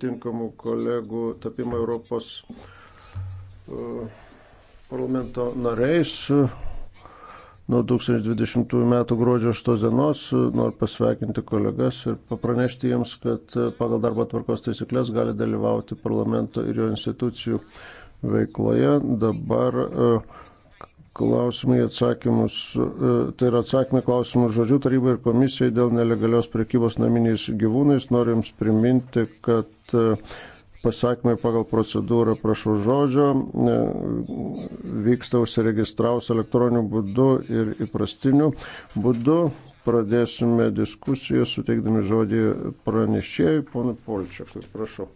tinkamų kolegų tapimą Europos e, parlamento nariais. E, nuo 2020 m. gruodžio 8 dienos e, noriu pasveikinti kolegas ir papranešti jiems, kad pagal darbo tvarkos taisyklės gali dalyvauti parlamento ir jo institucijų veikloje. Dabar uh, klausimai atsakymus, e, tai yra atsakymai klausimų žodžių tarybai ir komisijai dėl nelegalios prekybos naminiais gyvūnais. Noriu Jums priminti, kad e, pasakymai pagal procedūrą prašau žodžio e, vyksta užsiregistraus elektroniniu būdu ir įprastiniu būdu. Pradėsime diskusiją suteikdami žodį pranešėjui, ponui Polčiakui. Prašau.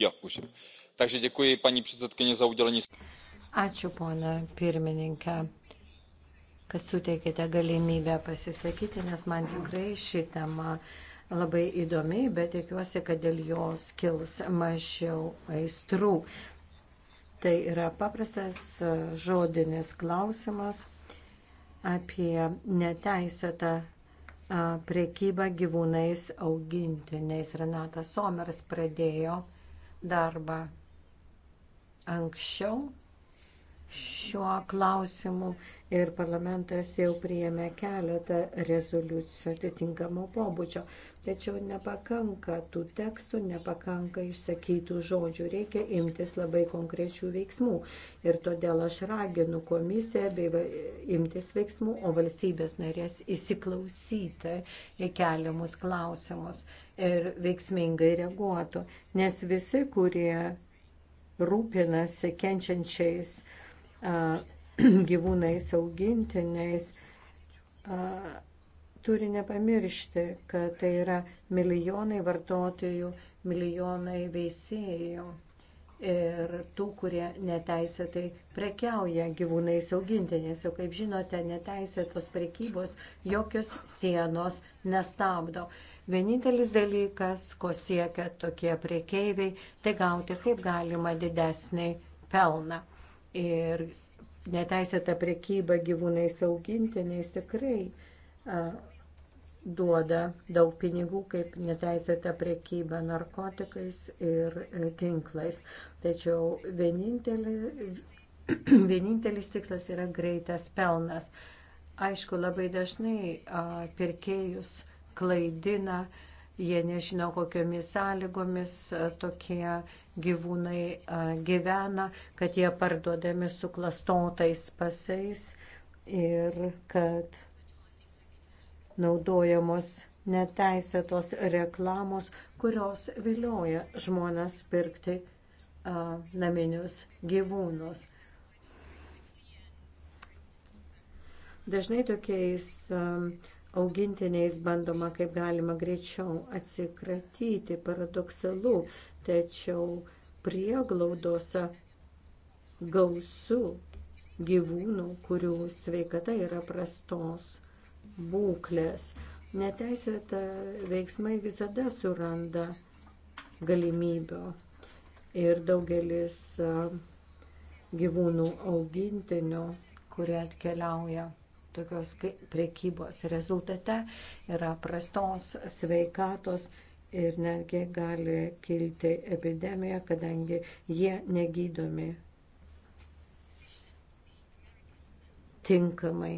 Jo, už. Takže děkuji paní předsedkyně za udělení. Ačiū, pona pirmininkė, kad suteikėte galimybę pasisakyti, nes man tikrai ši tema labai įdomi, bet tikiuosi, kad dėl jos kils mažiau aistrų. Tai yra paprastas žodinis klausimas apie neteisėtą priekybą gyvūnais augintiniais. Renatas Somers pradėjo darbą anksčiau šiuo klausimu ir parlamentas jau priėmė keletą rezoliucijų atitinkamo pobūdžio. Tačiau nepakanka tų tekstų, nepakanka išsakytų žodžių, reikia imtis labai konkrečių veiksmų. Ir todėl aš raginu komisiją bei imtis veiksmų, o valstybės narės įsiklausyti į keliamus klausimus ir veiksmingai reaguotų. Nes visi, kurie rūpinasi kenčiančiais, uh, gyvūnais augintiniais, turi nepamiršti, kad tai yra milijonai vartotojų, milijonai veisėjų ir tų, kurie neteisėtai prekiauja gyvūnais augintinės. Jau kaip žinote, neteisėtos prekybos jokios sienos nestabdo. Vienintelis dalykas, ko siekia tokie priekeiviai, tai gauti kaip galima didesnį pelną. Ir neteisėta prekyba gyvūnais augintiniais tikrai a, duoda daug pinigų kaip neteisėta prekyba narkotikais ir e, ginklais. Tačiau vienintelė, vienintelis tikslas yra greitas pelnas. Aišku, labai dažnai a, pirkėjus klaidina, jie nežino, kokiomis sąlygomis a, tokie gyvūnai gyvena, kad jie parduodami su klastotais pasais ir kad naudojamos neteisėtos reklamos, kurios vilioja žmonės pirkti a, naminius gyvūnus. Dažnai tokiais a, augintiniais bandoma kaip galima greičiau atsikratyti paradoksalu, tačiau prieglaudose gausu gyvūnų, kurių sveikata yra prastos būklės. Neteisėta veiksmai visada suranda galimybių ir daugelis gyvūnų augintinių, kurie atkeliauja tokios prekybos rezultate, yra prastos sveikatos ir netgi gali kilti epidemija, kadangi jie negydomi tinkamai.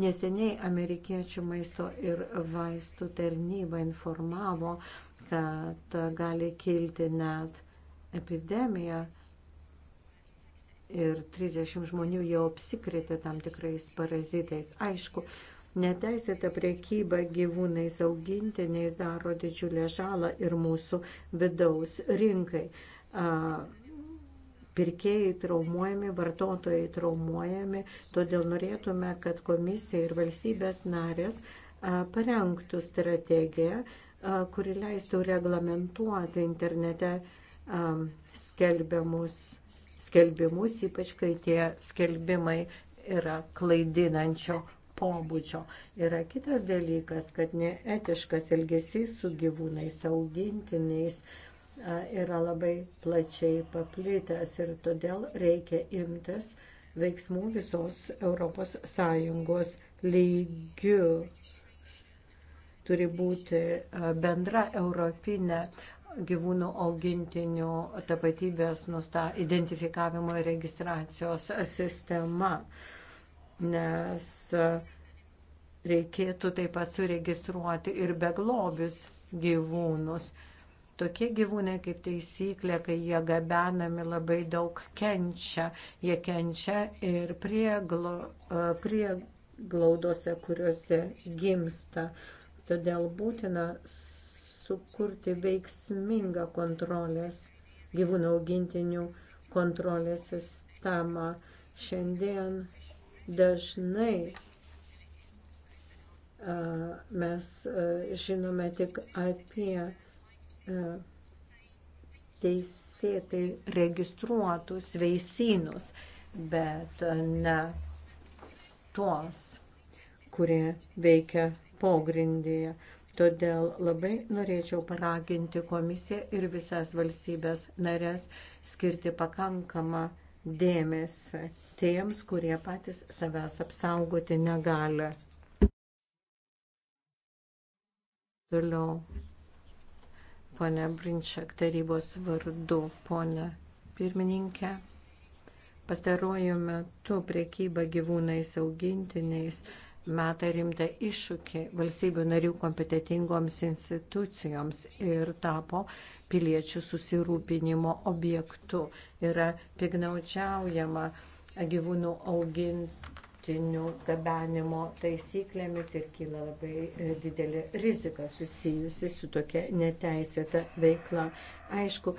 Neseniai amerikiečių maisto ir vaistų tarnyba informavo, kad gali kilti net epidemija ir 30 žmonių jau apsikrėtė tam tikrais parazitais. Aišku, Neteisėta priekyba gyvūnais augintiniais daro didžiulę žalą ir mūsų vidaus rinkai. Pirkėjai traumuojami, vartotojai traumuojami, todėl norėtume, kad komisija ir valstybės narės parengtų strategiją, kuri leistų reglamentuoti internete skelbiamus, skelbimus, ypač kai tie skelbimai yra klaidinančio pobūdžio. Yra kitas dalykas, kad neetiškas elgesys su gyvūnais, augintiniais yra labai plačiai paplitęs ir todėl reikia imtis veiksmų visos ES lygių. Turi būti bendra europinė gyvūnų augintinių tapatybės nusta, identifikavimo ir registracijos sistema nes reikėtų taip pat suregistruoti ir beglobius gyvūnus. Tokie gyvūnai kaip taisyklė, kai jie gabenami labai daug kenčia. Jie kenčia ir prieglo, e, prieglaudose, kuriuose gimsta. Todėl būtina sukurti veiksmingą kontrolės, gyvūnų augintinių kontrolės sistemą. Šiandien Dažnai mes žinome tik apie teisėtai registruotus veisynus, bet ne tuos, kurie veikia pogrindėje. Todėl labai norėčiau paraginti komisiją ir visas valstybės narės skirti pakankamą dėmesį tiems, kurie patys savęs apsaugoti negali. Toliau, ponė Brinčiak, tarybos vardu, ponė pirmininkė. Pastaruoju metu priekyba gyvūnais augintiniais meta rimtą iššūkį valstybių narių kompetitingoms institucijoms ir tapo piliečių susirūpinimo objektu. Yra pignaučiaujama gyvūnų augintinių gabenimo taisyklėmis ir kyla labai e, didelė rizika susijusi su tokia neteisėta veikla. Aišku,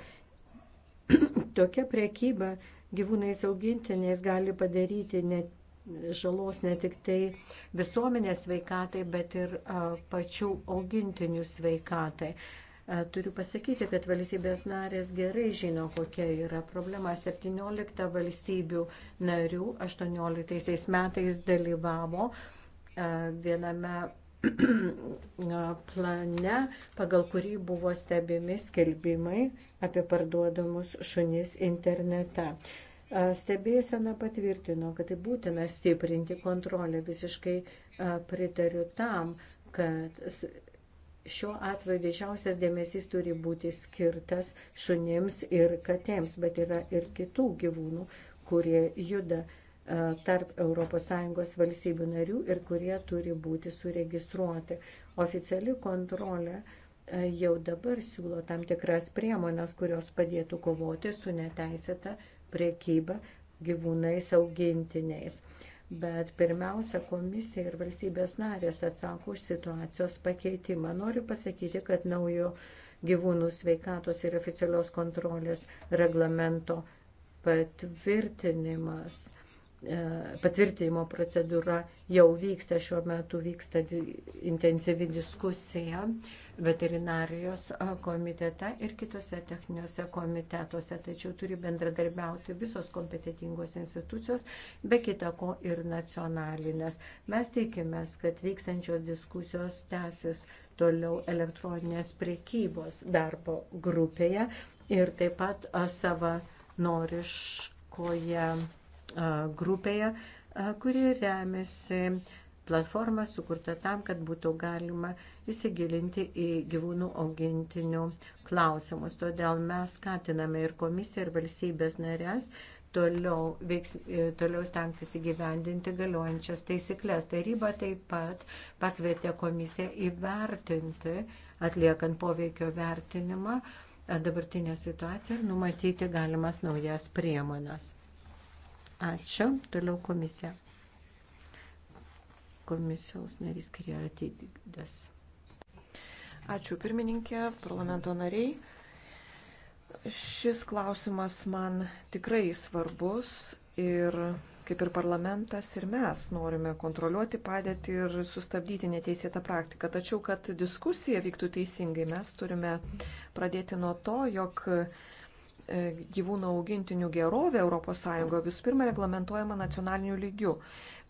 tokia priekyba gyvūnais augintiniais gali padaryti net žalos ne tik tai visuomenės sveikatai, bet ir a, pačių augintinių sveikatai. E, turiu pasakyti, kad valstybės narės gerai žino, kokia yra problema. 17 valstybių narių 18 metais dalyvavo e, viename plane, pagal kurį buvo stebimi skelbimai apie parduodamus šunis internete. E, stebėsena patvirtino, kad tai būtina stiprinti kontrolę. Visiškai pritariu tam, kad šiuo atveju didžiausias dėmesys turi būti skirtas šunims ir katėms, bet yra ir kitų gyvūnų, kurie juda e, tarp ES valstybių narių ir kurie turi būti suregistruoti. Oficiali kontrolė e, jau dabar siūlo tam tikras priemonės, kurios padėtų kovoti su neteisėta priekyba gyvūnais augintiniais bet pirmiausia komisija ir valstybės narės atsako už situacijos pakeitimą. Noriu pasakyti, kad naujo gyvūnų sveikatos ir oficialios kontrolės reglamento patvirtinimas E, patvirtinimo procedūra jau vyksta, šiuo metu vyksta intensyvi diskusija veterinarijos e, komitete ir kitose techniniuose komitetuose, tačiau turi bendradarbiauti visos kompetitingos institucijos, be kita ko ir nacionalinės. Mes tikimės, kad vykstančios diskusijos tęsis toliau elektroninės priekybos darbo grupėje ir taip pat e, savanoriškoje grupėje, kuri remiasi platforma sukurta tam, kad būtų galima įsigilinti į gyvūnų augintinių klausimus. Todėl mes skatiname ir komisiją, ir valstybės narės toliau, veiks, e, toliau stengtis įgyvendinti galiojančias taisyklės. Taryba taip pat pakvietė komisiją įvertinti, atliekant poveikio vertinimą, dabartinę situaciją ir numatyti galimas naujas priemonės. Ačiū. Toliau komisija. Komisijos narys Kriaratėdės. Ačiū pirmininkė, parlamento nariai. Šis klausimas man tikrai svarbus ir kaip ir parlamentas ir mes norime kontroliuoti padėtį ir sustabdyti neteisėtą praktiką. Tačiau, kad diskusija vyktų teisingai, mes turime pradėti nuo to, jog E, gyvūnų augintinių gerovė ES visų pirma reglamentojama nacionaliniu lygiu.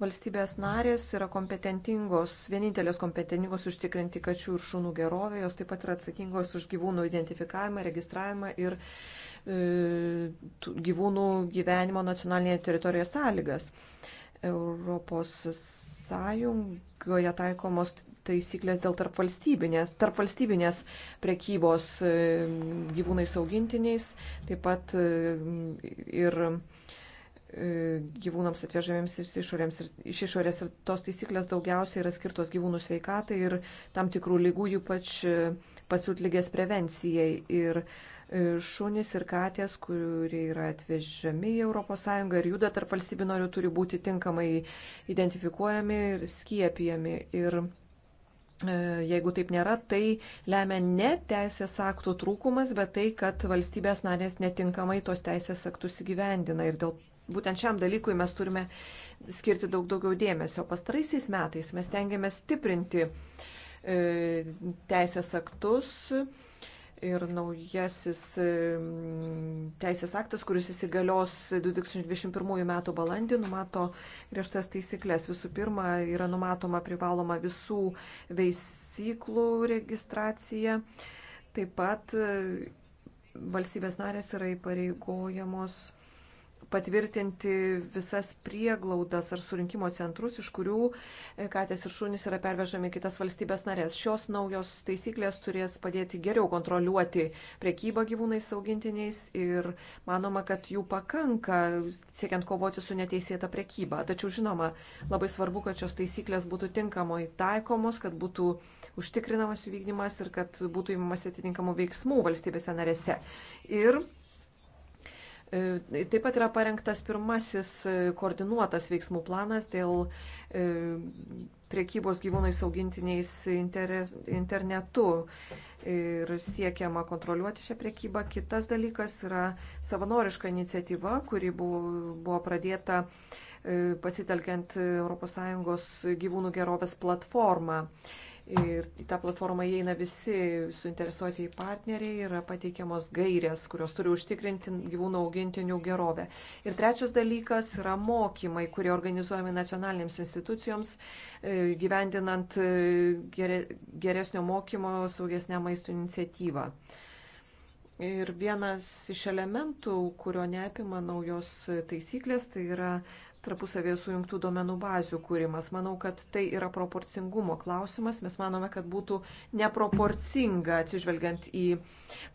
Valstybės narės yra kompetentingos, vienintelės kompetentingos užtikrinti kačių ir šunų gerovę, jos taip pat yra atsakingos už gyvūnų identifikavimą, registravimą ir e, gyvūnų gyvenimo nacionalinėje teritorijoje sąlygas. Europos Sąjungoje taikomos taisyklės dėl tarpvalstybinės, tarpvalstybinės prekybos e, gyvūnais augintiniais, taip pat e, ir e, gyvūnams atvežamiems iš, išorėms, iš išorės. Ir tos taisyklės daugiausiai yra skirtos gyvūnų sveikatai ir tam tikrų lygų, ypač pasiutlygės prevencijai. Ir šunys ir katės, kurie yra atvežami į ES ir juda tarp valstybių norių, turi būti tinkamai identifikuojami ir skiepijami. Ir e, jeigu taip nėra, tai lemia ne teisės aktų trūkumas, bet tai, kad valstybės narės netinkamai tos teisės aktus įgyvendina. Ir dėl būtent šiam dalykui mes turime skirti daug daugiau dėmesio. Pastaraisiais metais mes tengiamės stiprinti e, teisės aktus, ir naujasis teisės aktas, kuris įsigalios 2021 m. balandį, numato griežtas taisyklės. Visų pirma, yra numatoma privaloma visų veisyklų registracija. Taip pat e, valstybės narės yra įpareigojamos patvirtinti visas prieglaudas ar surinkimo centrus, iš kurių e, katės ir šunys yra pervežami kitas valstybės narės. Šios naujos taisyklės turės padėti geriau kontroliuoti priekybą gyvūnais augintiniais ir manoma, kad jų pakanka siekiant kovoti su neteisėta priekyba. Tačiau žinoma, labai svarbu, kad šios taisyklės būtų tinkamai taikomos, kad būtų užtikrinamas jų vykdymas ir kad būtų įmamas atitinkamų veiksmų valstybėse narėse. Ir E, taip pat yra parengtas pirmasis e, koordinuotas veiksmų planas dėl e, priekybos gyvūnais augintiniais internetu ir siekiama kontroliuoti šią priekybą. Kitas dalykas yra savanoriška iniciatyva, kuri buvo pradėta pasitelkiant ES gyvūnų gerovės platformą ir į tą platformą įeina visi suinteresuoti į partneriai, yra pateikiamos gairės, kurios turi užtikrinti gyvūnų augintinių gerovę. Ir trečias dalykas yra mokymai, kurie organizuojami nacionalinėms institucijoms, e, gyvendinant e, geresnio mokymo saugesnę maisto iniciatyvą. Ir vienas iš elementų, kurio neapima naujos taisyklės, tai yra tarpusavėje sujungtų duomenų bazių kūrimas. Manau, kad tai yra proporcingumo klausimas. Mes manome, kad būtų neproporcinga atsižvelgiant į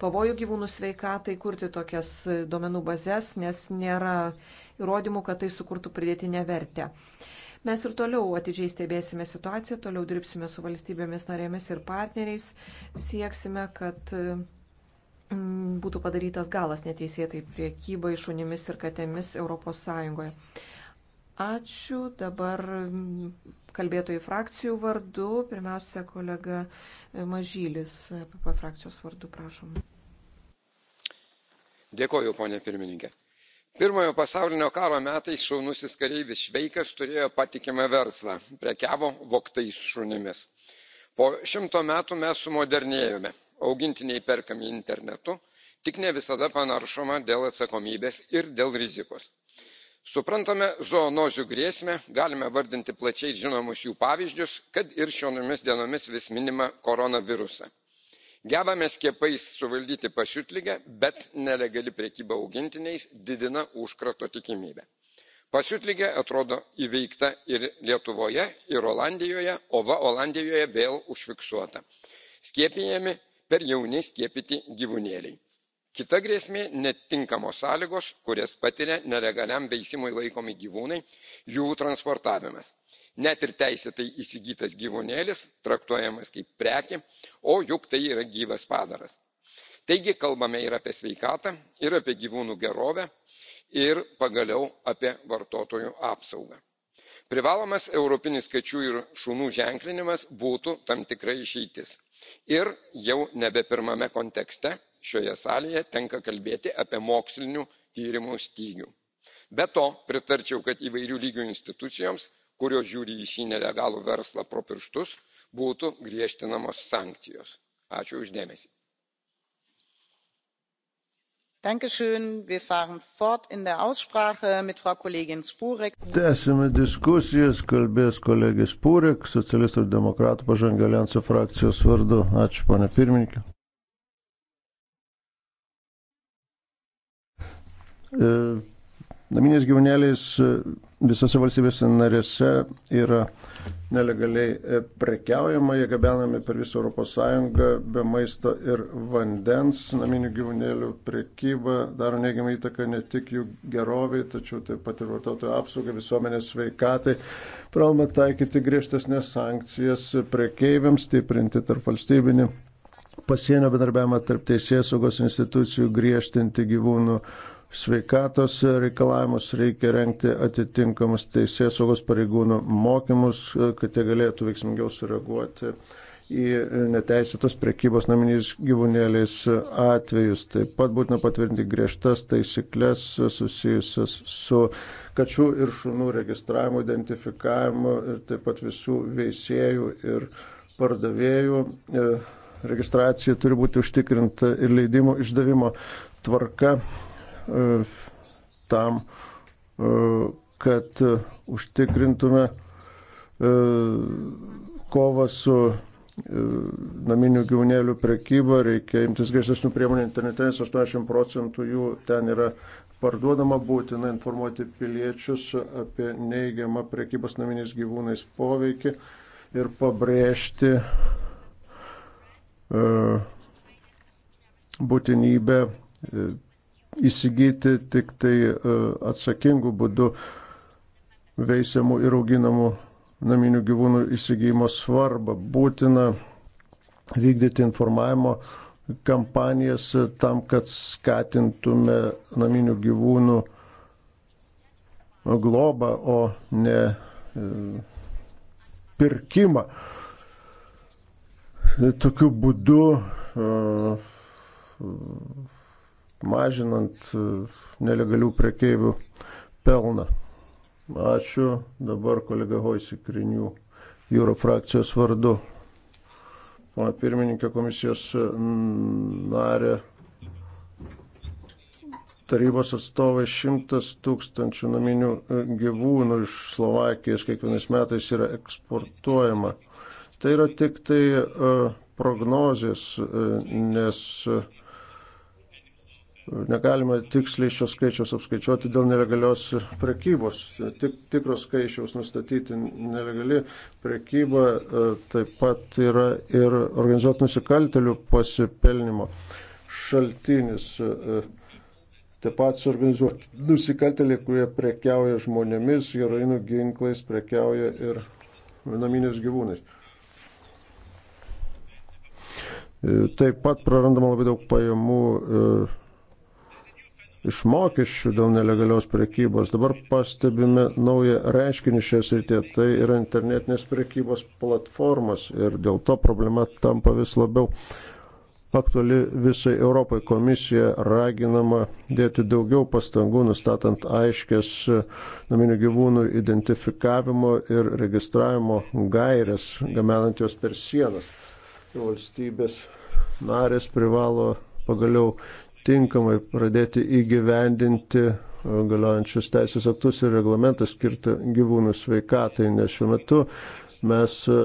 pavojų gyvūnų sveikatai kurti tokias duomenų bazės, nes nėra įrodymų, kad tai sukurtų pridėtinę vertę. Mes ir toliau atidžiai stebėsime situaciją, toliau dirbsime su valstybėmis narėmis ir partneriais, sieksime, kad mm, būtų padarytas galas neteisėtai priekybai šunimis ir katėmis ES. Ačiū. Dabar kalbėtojų frakcijų vardu. Pirmiausia, kolega Mažylis, PP frakcijos vardu, prašom. Dėkoju, ponė pirmininkė. Pirmojo pasaulinio karo metais šaunusis kareivis Šveikas turėjo patikimą verslą - prekiavo voktais šunimis. Po šimto metų mes sumodernėjome. Augintiniai perkami internetu, tik ne visada panaršoma dėl atsakomybės ir dėl rizikos suprantame zoonozių grėsmę galime vardinti plačiai žinomus jų pavyzdžius kad ir šiomis dienomis vis minimą koronavirusą. gebame skiepais suvaldyti pasiutligę bet nelegali prekyba augintiniais didina užkrato tikimybę. pasiutligė atrodo įveikta ir lietuvoje ir olandijoje o va olandijoje vėl užfiksuota skiepijami per jauni skiepyti gyvūnėliai kita grėsmė netinkamos sąlygos kurias patiria nelegaliam veisimui laikomi gyvūnai jų transportavimas net ir teisėtai įsigytas gyvūnėlis traktuojamas kaip prekė o juk tai yra gyvas padaras. taigi kalbame ir apie sveikatą ir apie gyvūnų gerovę ir pagaliau apie vartotojų apsaugą privalomas europinis kačių ir šunų ženklinimas būtų tam tikra išeitis ir jau nebe pirmame kontekste šioje salėje tenka kalbėti apie mokslinių tyrimų stygių. be to pritarčiau kad įvairių lygių institucijoms kurios žiūri į šį nelegalų verslą pro pirštus būtų griežtinamos sankcijos. ačiū už dėmesį. Tęsime diskusijas, kalbės kolegė Spūrek, socialistų ir demokratų pažangio alianso frakcijos vardu. Ačiū, ponė pirmininkė. E, Naminiais gyvūnėliais e, visose valstybėse narėse yra nelegaliai e, prekiaujama, jie gabenami per visą ES be maisto ir vandens. Naminių gyvūnėlių prekyba daro neigiamą įtaką ne tik jų geroviai, tačiau taip pat ir vartotojų apsaugai, visuomenės sveikatai. Privaloma taikyti griežtesnės sankcijas prekeiviams, stiprinti tarp valstybinį pasienio bendarbiavimą tarp teisės saugos institucijų, griežtinti gyvūnų sveikatos reikalavimus, reikia renkti atitinkamus teisės saugos pareigūnų mokymus, kad jie galėtų veiksmingiau sureaguoti į neteisėtos prekybos naminiais gyvūnėliais atvejus. Taip pat būtina patvirtinti griežtas taisyklės susijusias su kačių ir šunų registravimu, identifikavimu ir taip pat visų veisėjų ir pardavėjų e, registracija turi būti užtikrinta ir leidimo išdavimo tvarka E, tam, e, kad e, užtikrintume kovą su naminių gyvūnėlių prekyba, reikia imtis griežtesnių priemonių internete, nes 80 procentų jų ten yra parduodama, būtina informuoti piliečius apie neigiamą prekybos naminiais gyvūnais poveikį ir pabrėžti būtinybę įsigyti tik tai e, atsakingų būdų veisiamų ir auginamų naminių gyvūnų įsigijimo svarbą. Būtina vykdyti informavimo kampanijas tam, kad skatintume naminių gyvūnų globą, o ne e, pirkimą. Tokiu būdu uh, mažinant e, nelegalių prekeivių pelną. Ačiū. Dabar kolega Hoisi Krinių jūro frakcijos vardu. Pana pirmininkė komisijos e, narė tarybos atstovai 100 tūkstančių naminių e, gyvūnų iš Slovakijos kiekvienais metais yra eksportuojama. Tai yra tik tai prognozijas, nes uh, Negalima tiksliai šios skaičiaus apskaičiuoti dėl nelegalios prekybos. Tik, tikros skaičiaus nustatyti nelegali prekyba e, taip pat yra ir organizuot nusikaltelių pasipelnimo šaltinis. E, taip pat suorganizuoti nusikalteliai, kurie prekiauja žmonėmis, heroinų ginklais, prekiauja ir naminiais gyvūnais. E, taip pat prarandama labai daug pajamų iš mokesčių dėl nelegalios prekybos. Dabar pastebime naują reiškinį šioje srityje, tai yra internetinės prekybos platformos ir dėl to problema tampa vis labiau aktuali visai Europai. Komisija raginama dėti daugiau pastangų, nustatant aiškės e, naminių gyvūnų identifikavimo ir registravimo gairias, gamenant juos per sienas. Valstybės narės privalo pagaliau tinkamai pradėti įgyvendinti galiojančius teisės aktus ir reglamentą skirtą gyvūnų sveikatai, nes šiuo metu mes e,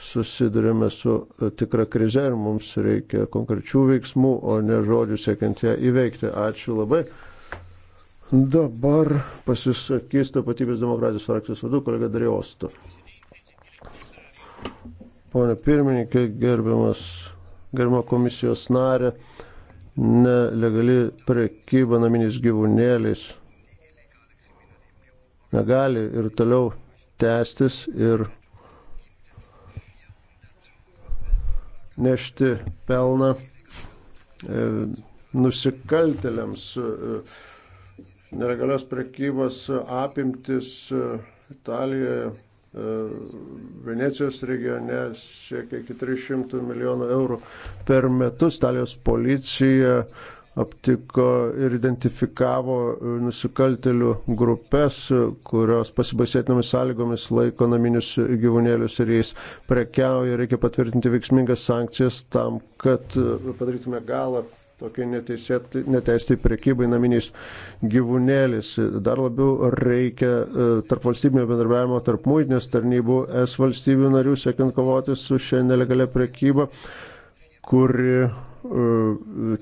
susidurime su e, tikra krize ir mums reikia konkrečių veiksmų, o ne žodžių siekiant ją įveikti. Ačiū labai. Dabar pasisakys tapatybės demokratijos frakcijos vadu kolega Dariosto. Pone pirmininkė, gerbiamas, gerbiamo komisijos narė nelegali prekyba naminiais gyvūnėliais negali ir toliau tęstis ir nešti pelną e, nusikaltėliams. E, e, nelegalios prekybos apimtis Italijoje E, Venecijos regione siekia iki 300 milijonų eurų per metus. Italijos policija aptiko ir identifikavo e, nusikaltelių grupės, e, kurios pasibaisėtinomis sąlygomis laiko naminius gyvūnėlius ir jais prekiauja. Reikia patvirtinti veiksmingas sankcijas tam, kad padarytume galą tokiai neteisėtai priekybai naminiais gyvūnėlis. Dar labiau reikia e, tarp valstybinio bendarbiavimo, tarp mūtinės tarnybų, es valstybių narių, siekiant kovoti su šią nelegalę priekybą, kuri e,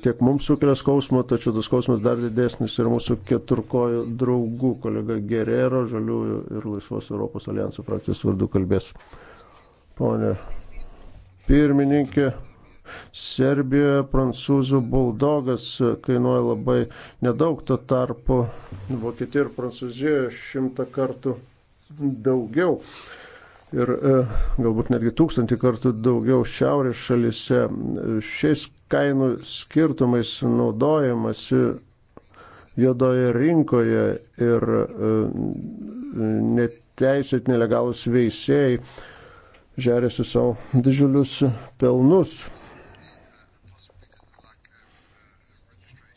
tiek mums sukelia skausmą, tačiau tas skausmas dar didesnis ir mūsų keturkojo draugų, kolega Gerero, Žaliųjų ir Laisvos Europos alijansų frakcijos vardu kalbės. Pone pirmininkė, Serbijoje prancūzų buldogas kainuoja labai nedaug, to tarpu Vokietijoje ir Prancūzijoje šimtą kartų daugiau. Ir e, galbūt netgi tūkstantį kartų daugiau šiaurės šalise šiais kainų skirtumais naudojamasi juodoje rinkoje ir e, neteisėt nelegalus veisėjai žerėsi savo didžiulius pelnus.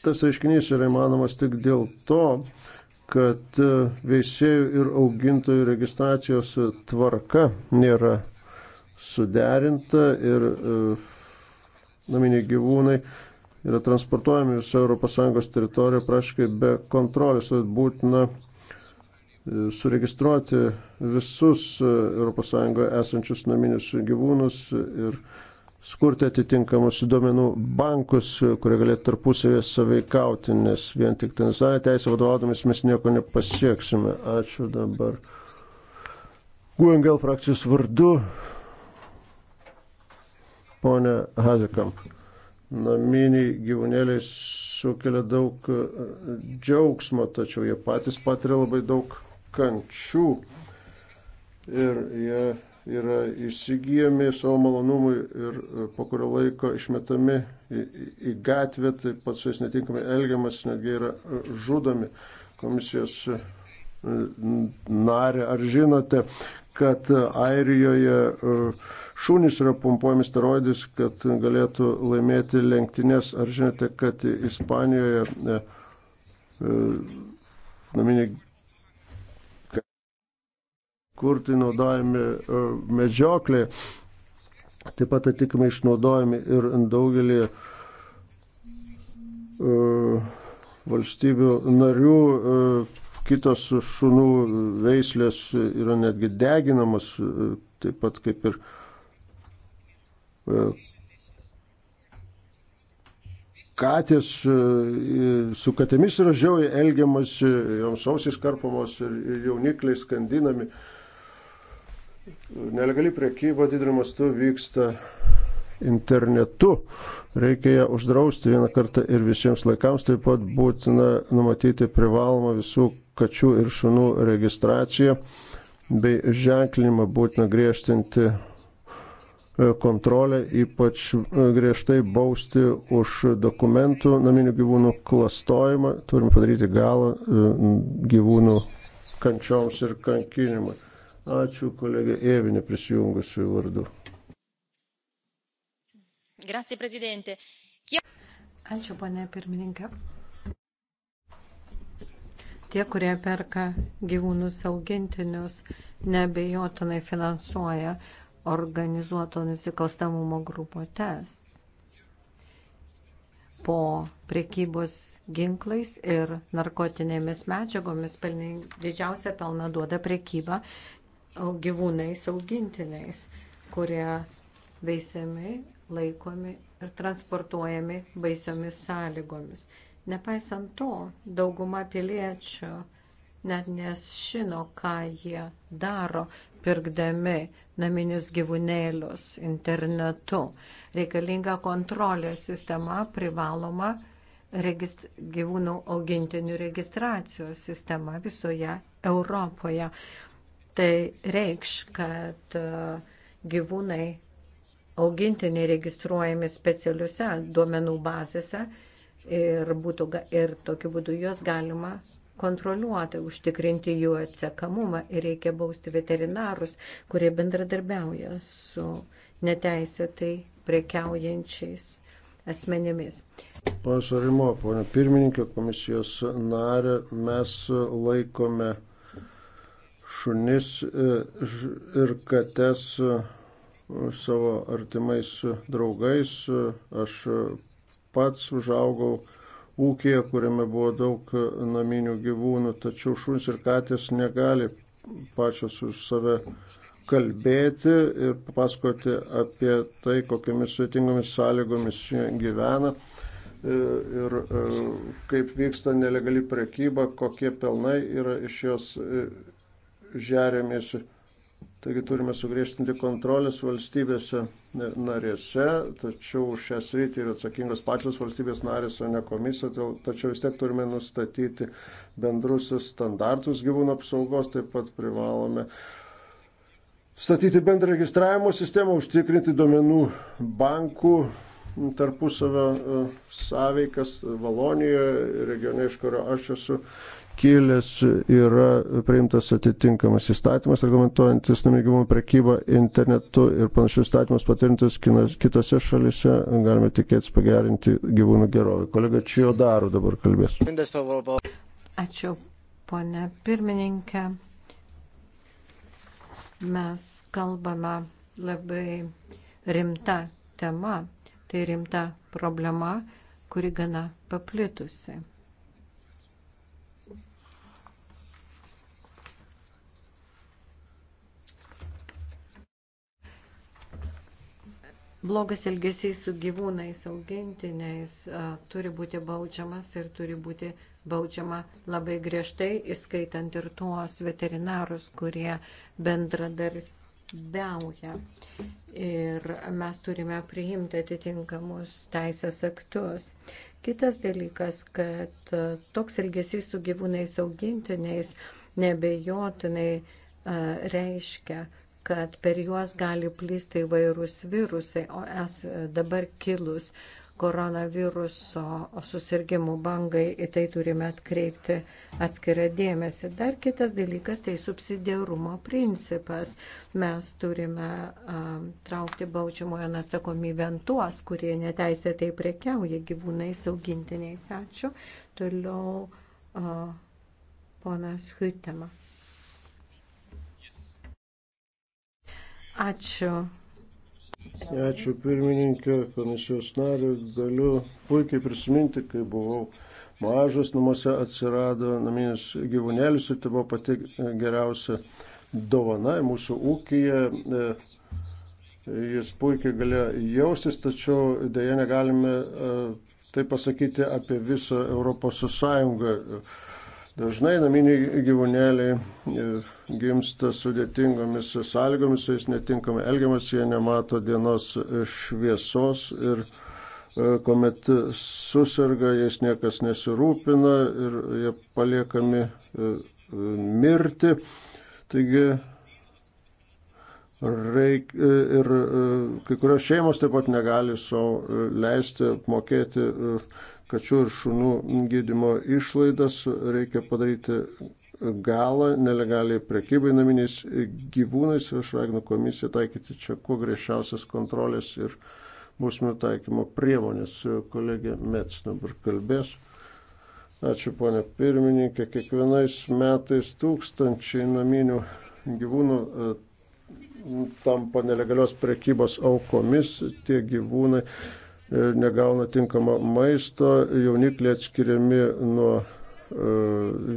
Tas reiškinys yra įmanomas tik dėl to, kad e, veisėjų ir augintojų registracijos e, tvarka nėra suderinta ir e, naminiai gyvūnai yra transportuojami visą ES teritoriją praškai be kontrolės, tad būtina suregistruoti visus ES esančius naminius gyvūnus ir skurti atitinkamus duomenų bankus, kurie galėtų tarpusavėje saveikauti, nes vien tik ten savo teisę vadovaudomis mes nieko nepasieksime. Ačiū dabar. Guengel frakcijos vardu, ponė Hazekam. Naminiai gyvūnėliai sukelia daug e, džiaugsmo, tačiau jie patys patiria labai daug kančių. Ir jie yra įsigijami savo malonumui ir e, po kurio laiko išmetami į, į gatvę, taip pat su jais netinkamai elgiamas, netgi yra e, žudomi komisijos e, narė. Ar žinote, kad Airijoje šunys yra pumpuojami steroidais, kad galėtų laimėti lenktynės? Ar žinote, kad Ispanijoje naminiai kurti naudojami e, medžioklė, taip pat atitikmai išnaudojami ir daugelį e, valstybių narių, e, kitos šunų veislės yra netgi deginamos, taip pat kaip ir katės su katėmis yra žiauriai elgiamasi, joms ausis karpamos ir jaunikliai skandinami. Nelegali priekyba dideliu mastu vyksta internetu. Reikia ją uždrausti vieną kartą ir visiems laikams. Taip pat būtina numatyti privalomą visų kačių ir šunų registraciją bei ženklinimą būtina griežtinti e, kontrolę, ypač e, griežtai bausti už dokumentų naminių gyvūnų klastojimą. Turime padaryti galą e, gyvūnų kančioms ir kankinimui. Ačiū kolegė Ėvinė prisijungusiu į vardu. Grazie, prezidentė. Kiek... Ačiū, ponė pirmininkė. Tie, kurie perka gyvūnus augintinius, nebejotinai finansuoja organizuoto nusikalstamumo grupuotės po prekybos ginklais ir narkotinėmis medžiagomis pelning, didžiausia pelna duoda prekyba gyvūnais, augintiniais, kurie veisiami, laikomi ir transportuojami baisiomis sąlygomis. Nepaisant to, dauguma piliečių net nesžino, ką jie daro, pirkdami naminius gyvūnėlius internetu. Reikalinga kontrolės sistema, privaloma regist, gyvūnų augintinių registracijos sistema visoje Europoje tai reikš, kad e, gyvūnai augintiniai registruojami specialiuose duomenų bazėse ir, būtų, ir tokiu būdu juos galima kontroliuoti, užtikrinti jų atsekamumą ir reikia bausti veterinarus, kurie bendradarbiauja su neteisėtai prekiaujančiais asmenimis. Pasarimo, ponia pirmininkė, komisijos narė, mes laikome šunis e, ir kates e, savo artimais draugais. E, aš pats užaugau ūkija, kuriame buvo daug naminių gyvūnų, tačiau šuns ir katės negali pačios už save kalbėti ir papasakoti apie tai, kokiamis sudėtingomis sąlygomis gyvena ir kaip vyksta nelegali prekyba, kokie pelnai yra iš jos žeriamės. Taigi turime sugriežtinti kontrolės valstybėse narėse, tačiau šią sritį yra atsakingos pačios valstybės narės, o ne komisija, tačiau vis tiek turime nustatyti bendrus standartus gyvūnų apsaugos, taip pat privalome statyti bendrą registravimo sistemą, užtikrinti duomenų bankų tarpusavio e, sąveikas Valonijoje, regione iš kurio aš esu, kilęs yra priimtas atitinkamas įstatymas, reglamentuojantis nemėgimų prekybą internetu ir panašius įstatymus patvirtintus kitose šalise, galime tikėtis pagerinti gyvūnų gerovę. Kolega Čio daro dabar kalbės. Ačiū, ponė pirmininkė. Mes kalbame labai rimta tema, tai rimta problema, kuri gana paplitusi blogas elgesys su gyvūnais, augintiniais turi būti baudžiamas ir turi būti baudžiama labai griežtai, įskaitant ir tuos veterinarus, kurie bendradarbiauja. Ir mes turime priimti atitinkamus teisės aktus. Kitas dalykas, kad toks elgesys su gyvūnais augintiniais nebejotinai reiškia, kad per juos gali plisti įvairūs virusai, o es dabar kilus koronaviruso susirgymų bangai, į tai turime atkreipti atskirą dėmesį. Dar kitas dalykas - tai subsidiarumo principas. Mes turime um, traukti baudžiamojo atsakomybę tuos, kurie neteisėtai prekiauja gyvūnais augintiniais. Ačiū. Toliau uh, ponas Huytema. Ačiū. Ačiū pirmininkė, komisijos nariu. Galiu puikiai prisiminti, kai buvau mažas, namuose atsirado naminis gyvūnėlis ir tai buvo pati geriausia dovana mūsų ūkija. E, jis puikiai galėjo jaustis, tačiau dėja negalime tai pasakyti apie visą Europos Sąjungą. Dažnai naminiai gyvūnėliai e, gimsta sudėtingomis sąlygomis, jais netinkamai elgiamas, jie nemato dienos šviesos ir e, kuomet susirga, jais niekas nesirūpina ir jie paliekami e, mirti. Taigi reik, ir kai kurios šeimos taip pat negali savo leisti apmokėti kačių ir šunų gydimo išlaidas, reikia padaryti galą nelegaliai prekybai naminiais gyvūnais ir aš raginu komisiją taikyti čia kuo griežčiausias kontrolės ir bausmių taikymo priemonės. Kolegė Mets dabar kalbės. Ačiū, ponė pirmininkė. Kiekvienais metais tūkstančiai naminių gyvūnų e, tampa nelegalios prekybos aukomis. Tie gyvūnai negauna tinkamo maisto, jaunikliai atskiriami nuo e,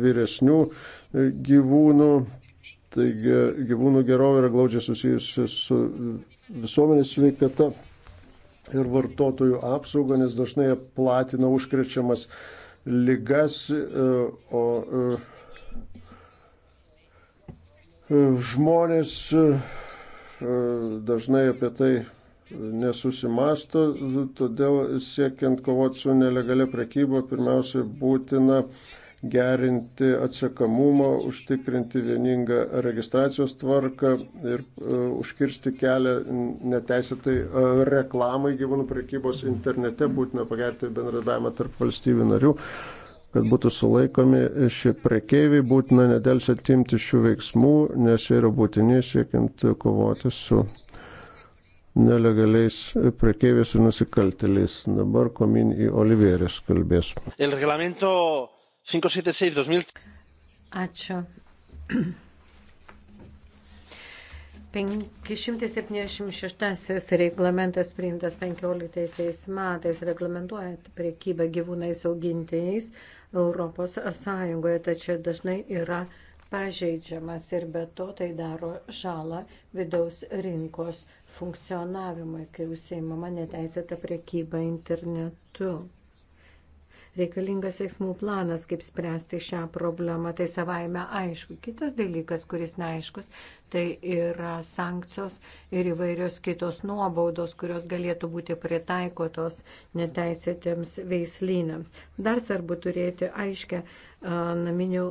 vyresnių gyvūnų. Taigi gyvūnų gerovė yra glaudžiai susijusi su visuomenės sveikata ir vartotojų apsauga, nes dažnai platina užkrečiamas lygas, e, o e, žmonės dažnai apie tai nesusimasto, todėl siekiant kovoti su nelegalia prekyba pirmiausia būtina gerinti atsekamumą, užtikrinti vieningą registracijos tvarką ir uh, užkirsti kelią neteisėtai uh, reklamai gyvūnų prekybos internete, būtina pagerinti bendradavimą tarp valstybių narių kad būtų sulaikomi šie prekeiviai, būtina nedelsiai atimti šių veiksmų, nes jie yra būtini siekiant kovoti su uh, nelegaliais prekeiviais ir nusikaltėliais. Dabar komin į Olivierės kalbės. Ačiū. 576 reglamentas priimtas 15 metais reglamentuojant priekybą gyvūnais augintiniais Europos Sąjungoje, tačiau dažnai yra pažeidžiamas ir be to tai daro žalą vidaus rinkos funkcionavimui, kai užsieimama neteisėta priekyba internetu. Reikalingas veiksmų planas, kaip spręsti šią problemą, tai savaime aišku. Kitas dalykas, kuris neaiškus, tai yra sankcijos ir įvairios kitos nuobaudos, kurios galėtų būti pritaikotos neteisėtiems veislynams. Dar svarbu turėti aiškę naminių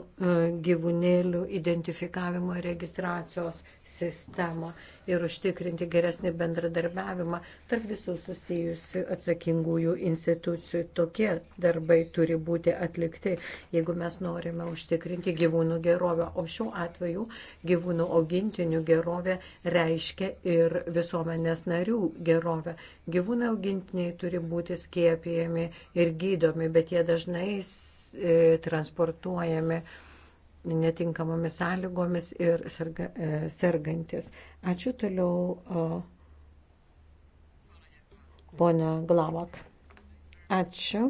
gyvūnėlių identifikavimo ir registracijos sistemą ir užtikrinti geresnį bendradarbiavimą tarp visų susijusių atsakingųjų institucijų. Tokie darbai turi būti atlikti, jeigu mes norime užtikrinti gyvūnų gerovę. O šiuo atveju gyvūnų augintinių gerovė reiškia ir visuomenės narių gerovę. Gyvūnai augintiniai turi būti skiepijami ir gydomi, bet jie dažnai e, transportuojami netinkamomis sąlygomis ir serga, e, sergantis. Ačiū toliau, ponia Glavak. Ačiū,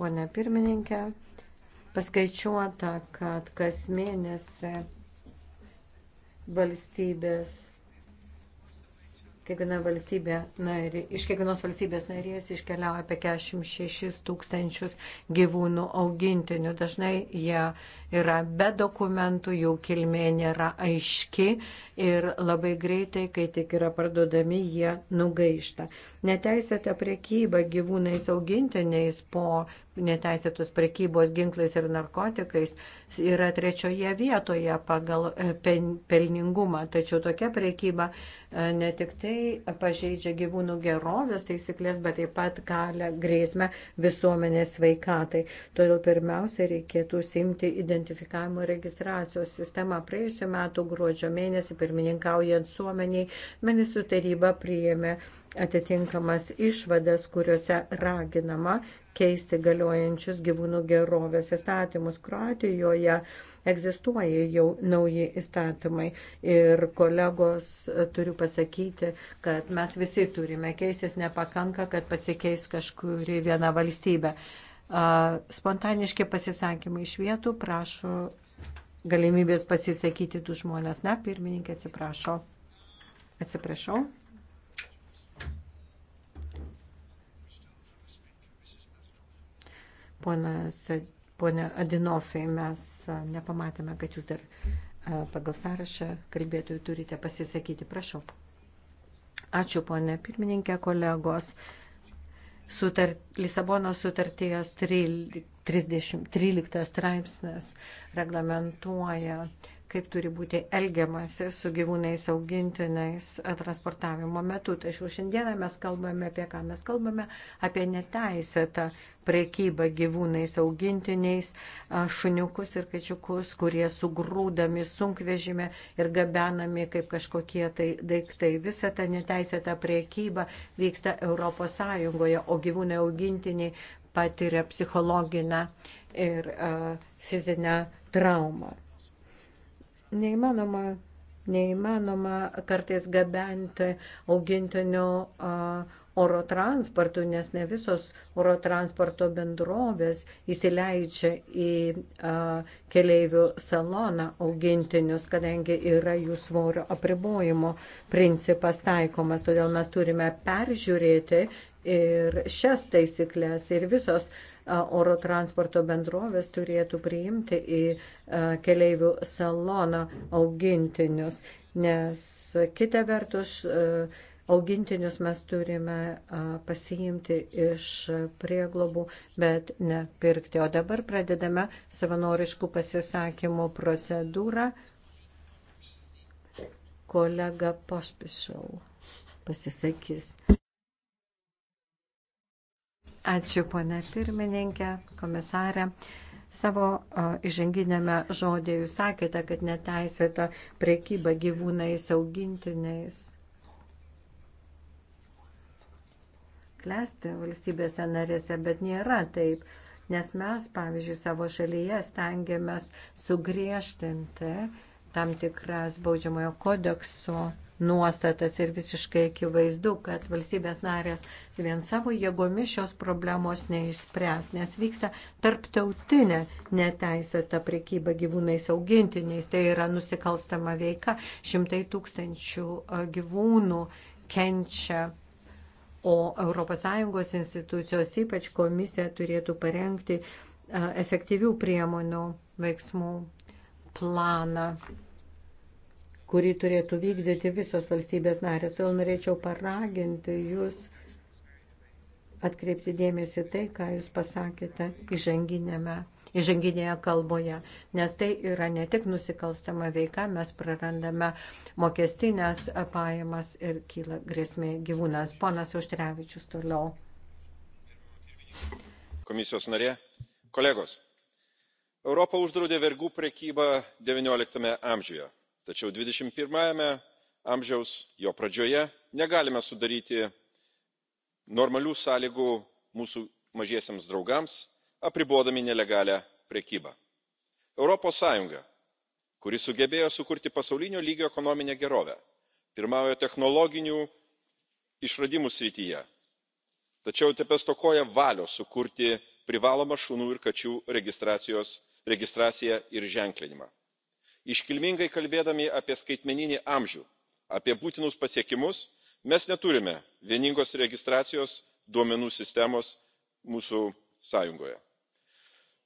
ponia pirmininkė. Paskaičiuota, kad kas mėnesį valstybės kiekviena valstybė narė, iš kiekvienos valstybės narės iškeliauja apie 46 tūkstančius gyvūnų augintinių. Dažnai jie yra be dokumentų, jų kilmė nėra aiški ir labai greitai, kai tik yra parduodami, jie nugaišta. Neteisėta priekyba gyvūnais augintiniais po neteisėtos priekybos ginklais ir narkotikais yra trečioje vietoje pagal e, pelningumą. Tačiau tokia priekyba e, ne tik tai pažeidžia gyvūnų gerovės taisyklės, bet taip pat kelia grėsmę visuomenės sveikatai. Todėl pirmiausia reikėtų simti identifikaciją identifikavimo ir registracijos sistemą. Praėjusiu metu gruodžio mėnesį, pirmininkaujant suomeniai, ministrų taryba priėmė atitinkamas išvadas, kuriuose raginama keisti galiojančius gyvūnų gerovės įstatymus. Kroatijoje egzistuoja jau nauji įstatymai ir kolegos turiu pasakyti, kad mes visi turime keistis, nepakanka, kad pasikeis kažkuri viena valstybė. Spontaniški pasisakymai iš vietų prašo galimybės pasisakyti du žmonės. Na, pirmininkė atsiprašo. Atsiprašau. Ponas, ponė Adinofai, mes nepamatėme, kad jūs dar pagal sąrašą kalbėtojų turite pasisakyti. Prašau. Ačiū, ponė pirmininkė, kolegos sutart, Lisabono sutarties 13, 13 straipsnis reglamentuoja kaip turi būti elgiamasi su gyvūnais augintiniais transportavimo metu. Tačiau šiandieną mes kalbame apie ką? Mes kalbame apie neteisėtą priekybą gyvūnais augintiniais, šuniukus ir kačiukus, kurie sugrūdami sunkvežime ir gabenami kaip kažkokie tai daiktai. Visa ta neteisėta priekyba vyksta ES, o gyvūnai augintiniai patiria psichologinę ir uh, fizinę traumą. Neįmanoma, neįmanoma kartais gabenti augintinio oro transportu, nes ne visos oro transporto bendrovės įsileidžia į a, keleivių saloną augintinius, kadangi yra jų svorio apribojimo principas taikomas. Todėl mes turime peržiūrėti ir šias taisyklės ir visos oro transporto bendrovės turėtų priimti į keleivių saloną augintinius, nes kita vertus augintinius mes turime pasiimti iš prieglobų, bet nepirkti. O dabar pradedame savanoriškų pasisakymų procedūrą. Kolega Pospišau pasisakys. Ačiū, ponė pirmininkė, komisarė. Savo įžanginėme žodėje jūs sakėte, kad neteisėta priekyba gyvūnais augintiniais klesti valstybėse narėse, bet nėra taip. Nes mes, pavyzdžiui, savo šalyje stengiamės sugriežtinti tam tikras baudžiamojo kodekso nuostatas ir visiškai akivaizdu, kad valstybės narės vien savo jėgomis šios problemos neišspręs, nes vyksta tarptautinė neteisėta priekyba gyvūnais augintiniais, tai yra nusikalstama veika, šimtai tūkstančių gyvūnų kenčia O ES institucijos, ypač komisija, turėtų parengti efektyvių priemonių veiksmų planą kurį turėtų vykdyti visos valstybės narės. Vėl norėčiau paraginti jūs atkreipti dėmesį tai, ką jūs pasakėte įžanginėme, įžanginėje kalboje, nes tai yra ne tik nusikalstama veika, mes prarandame mokestinės pajamas ir kyla grėsmė gyvūnas. Ponas Užtrevičius toliau. Komisijos narė, kolegos. Europa uždraudė vergų prekybą XIX amžiuje tačiau dvidešimt vienas amžiaus jo pradžioje negalime sudaryti normalių sąlygų mūsų mažiesiems draugams apribodami nelegalią prekybą. europos sąjunga kuri sugebėjo sukurti pasaulinio lygio ekonominę gerovę pirmauja technologinių išradimų srityje tačiau tebestokoja valios sukurti privalomą šunų ir kačių registraciją ir ženklinimą iškilmingai kalbėdami apie skaitmeninį amžių apie būtinus pasiekimus mes neturime vieningos registracijos duomenų sistemos mūsų sąjungoje.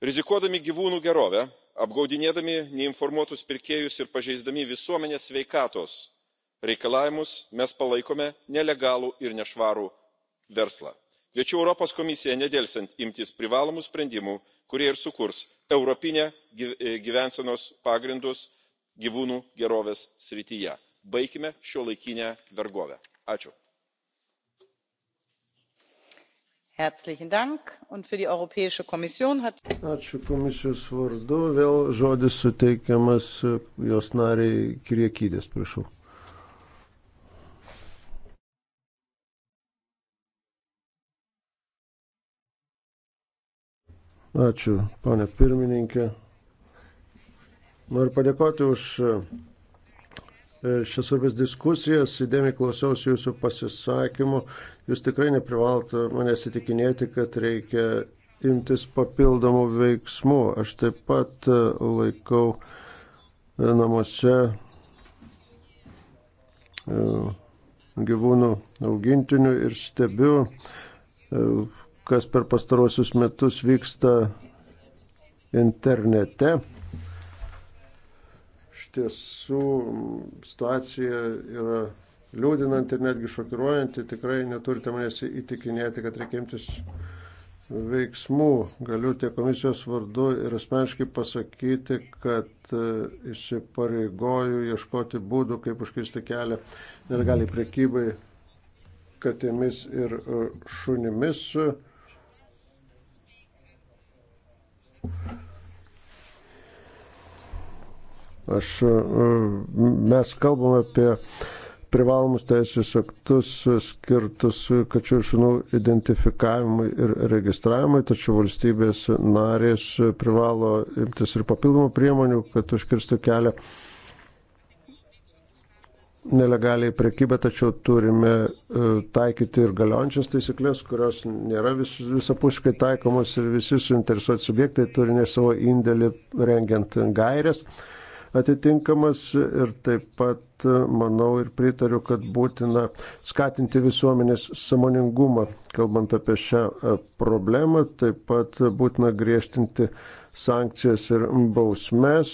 rizikuodami gyvūnų gerove apgaudinėdami neinformuotus pirkėjus ir pažeisdami visuomenės sveikatos reikalavimus mes palaikome nelegalų ir nešvarų verslą kviečiu europos komisiją nedelsiant imtis privalomų sprendimų kurie ir sukurs europinės e, gyvensenos pagrindus gyvūnų gerovės srityje. baikime šiuolaikinę vergovę. ačiū. ačiū komisijos vardu vėl žodis suteikiamas jos narei kyriakides prašau. Ačiū, ponė pirmininkė. Noriu padėkoti už e, šias svarbės diskusijas, įdėmiai klausiausi jūsų pasisakymų. Jūs tikrai neprivalote manęs įtikinėti, kad reikia imtis papildomų veiksmų. Aš taip pat e, laikau e, namuose gyvūnų augintinių ir stebiu kas per pastarosius metus vyksta internete. Štiesų situacija yra liūdinanti ir netgi šokiruojanti. Tikrai neturite manęs įtikinėti, kad reikia imtis veiksmų. Galiu tiek komisijos vardu ir asmeniškai pasakyti, kad e, įsipareigoju ieškoti būdų, kaip užkirsti kelią nelegaliai priekybai katėmis ir e, šunimis. Uh, Aš, e, mes kalbame apie privalomus teisės aktus skirtus kačių šunų identifikavimui ir registravimui, tačiau valstybės narės privalo imtis ir papildomų priemonių, kad užkirstų kelią nelegaliai prekybą, tačiau turime e, taikyti ir galiojančias taisyklės, kurios nėra vis, visapuškai taikomos ir visi suinteresuoti subjektai turi ne savo indėlį rengiant gairias atitinkamas ir taip pat e, manau ir pritariu, kad būtina skatinti visuomenės samoningumą, kalbant apie šią e, problemą, taip pat būtina griežtinti sankcijas ir bausmes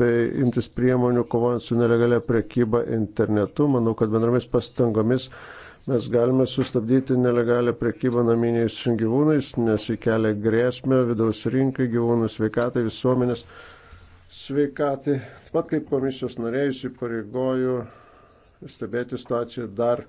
bei imtis priemonių kovojant su nelegalia prekyba internetu. Manau, kad bendromis pastangomis mes galime sustabdyti nelegalią prekybą naminiais gyvūnais, nes jį kelia grėsmę vidaus rinkai, gyvūnų sveikatai, visuomenės sveikatai. Taip pat kaip komisijos norėjus įpareigoju stebėti situaciją dar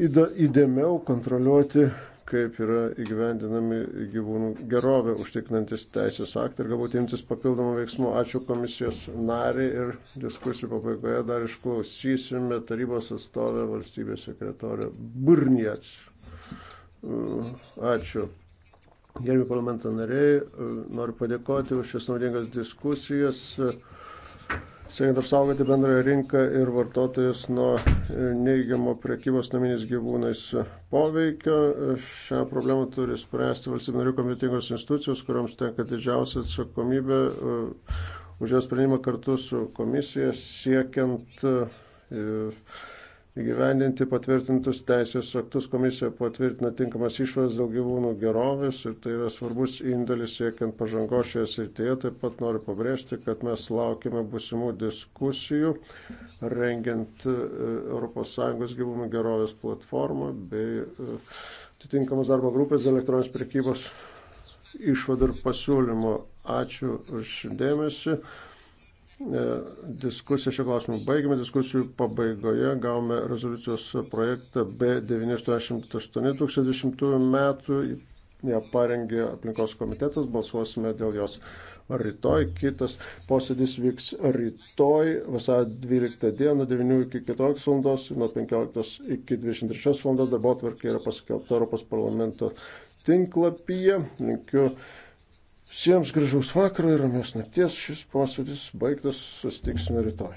įdėmiau, kontroliuoti kaip yra įgyvendinami gyvūnų gerovę užtikrinantis teisės aktai ir galbūt imtis papildomų veiksmų. Ačiū komisijos nariai ir diskusijų pabaigoje dar išklausysime tarybos atstovę valstybės sekretorę Burniec. Ačiū. Gerbimi parlamento nariai, noriu padėkoti už šias naudingas diskusijas siekiant apsaugoti bendrąją rinką ir vartotojus nuo e, neigiamo prekybos naminiais gyvūnais poveikio. Šią problemą turi spręsti valstybių narių kompetingos institucijos, kuriams tenka didžiausia atsakomybė e, už jos sprendimą kartu su komisija siekiant e, įgyvendinti patvirtintus teisės aktus. Komisija patvirtina tinkamas išvadas dėl gyvūnų gerovės ir tai yra svarbus indėlis siekiant pažangos šioje srityje. Taip pat noriu pabrėžti, kad mes laukime busimų diskusijų rengiant e, ES gyvūnų gerovės platformą bei e, atitinkamas darbo grupės elektroninės prekybos išvadų ir pasiūlymų. Ačiū už dėmesį. E, diskusiją šio klausimu baigime. Diskusijų pabaigoje gavome rezoliucijos projektą B988-2020 metų. Ja parengė aplinkos komitetas, balsuosime dėl jos rytoj. Kitas posėdis vyks rytoj, vasarą 12 dieną, 9 iki 14 val. nuo 15 iki 23 val. darbo tvarkė yra paskelbta Europos parlamento tinklapyje. Linkiu Visiems gražaus vakaro ir ramios nakties. Šis posėdis baigtas, sustiksime rytoj.